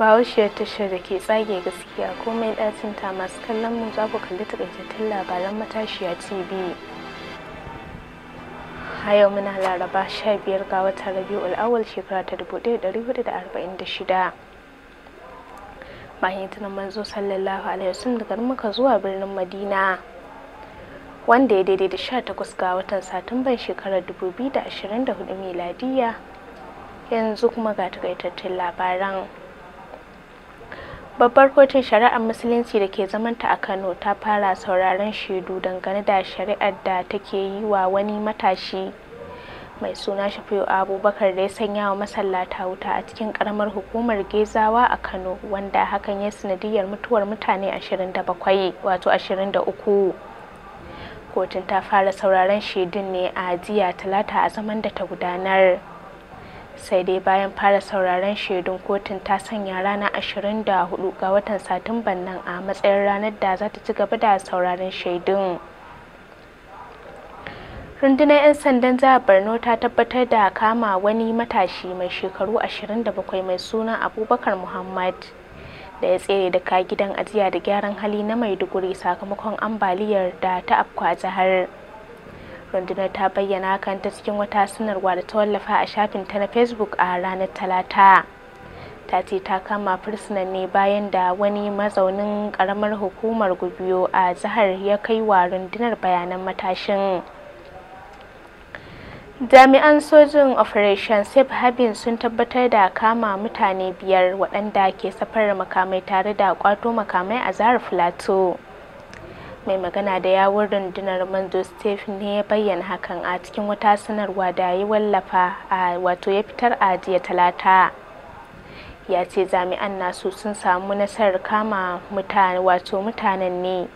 Bahaushiyar tashar da ke tsage gaskiya komai ɗacin ta masu kallon mu za ku kalli takaitattun labaran matashiya TV. A yau muna laraba 15 ga wata rabi'u Awwal shekara ta 1446. Bayan tunan manzo sallallahu alaihi wasallam daga muka zuwa birnin Madina. Wanda ya daidai da 18 ga watan Satumban shekarar 2024 miladiya yanzu kuma ga takaitattun labaran. babbar kotun shari'ar musulunci da ke zamanta a kano ta fara sauraron shaidu dangane da shari'ar da take yi wa wani matashi mai suna shafi'u abubakar da ya sanya wa masallata wuta a cikin karamar hukumar gezawa a kano wanda hakan ya sanadiyar mutuwar mutane 27 wato 23 kotun ta fara sauraron shaidun ne a jiya talata a zaman da ta gudanar sai dai bayan fara sauraron shaidun kotun ta sanya ranar 24 ga watan satumban nan a matsayin ranar da za ta ci gaba da sauraron shaidun rundunar 'yan sandan za borno ta tabbatar da kama wani matashi mai shekaru 27 mai suna abubakar muhammad da ya tsere daga gidan ajiya da gyaran hali na maiduguri sakamakon ambaliyar da ta afkwa jihar. rundunar ta bayyana hakan ta cikin wata sanarwa da ta wallafa a shafin ta na facebook a ranar talata ta ce ta kama fursunan ne bayan da wani mazaunin karamar hukumar gubiyo a jihar ya kai wa rundunar bayanan matashin jami'an sojin operation safe harbin sun tabbatar da kama mutane biyar waɗanda ke safarar makamai tare da kwato makamai a jihar plateau mai magana da yawun rundunar manzo steve ne ya bayyana hakan a cikin wata sanarwa da ya wallafa a wato ya fitar a jiya talata ya ce jami'an nasu sun samu nasarar kama wato mutanen ne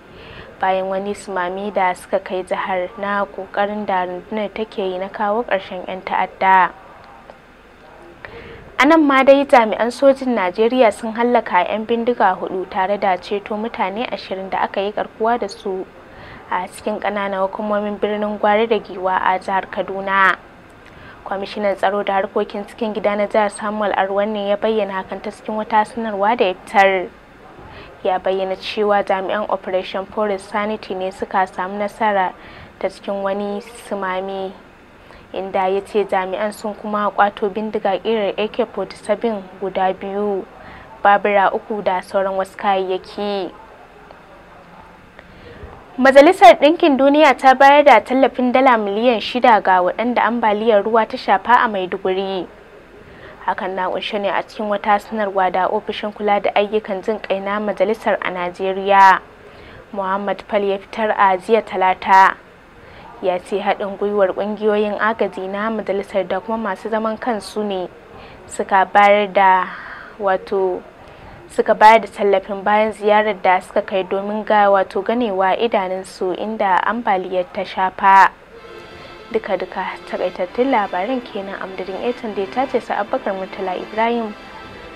bayan wani sumami da suka kai jihar na kokarin da rundunar take yi na kawo ƙarshen 'yan ta'adda anan ma dai jami'an sojin najeriya sun hallaka 'yan bindiga hudu tare da ceto mutane ashirin da aka yi karkuwa da su a cikin ƙananan hukumomin birnin gwari da giwa a jihar kaduna kwamishinan tsaro da harkokin cikin gida na jihar samuel arwan ne ya bayyana hakan ta cikin wata sanarwa da ya fitar ya bayyana cewa jami'an operation forest sanity ne suka samu nasara ta cikin wani simami inda ya ce jami'an sun kuma kwato bindiga ƙirar ak-47 guda biyu babura uku da sauran wasu kayayyaki majalisar ɗinkin duniya ta bayar da tallafin dala miliyan shida ga waɗanda ambaliyar ruwa ta shafa a maiduguri hakan na kunshe ne a cikin wata sanarwa da ofishin kula da ayyukan jin kai na majalisar a najeriya muhammad fal ya fitar a jiya talata ya ce haɗin gwiwar ƙungiyoyin agaji na majalisar da kuma masu zaman kansu ne suka bayar da wato suka bayar da tallafin bayan ziyarar da suka kai domin ga wato ganewa idanunsu inda ambaliyar ta shafa duka-duka takaitattun labaran kenan amdirin etan da ya tace sa abubakar murtala ibrahim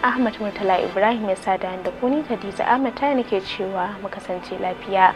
ahmad murtala ibrahim ya sada da kuni diza ahmad ta nake cewa mu kasance lafiya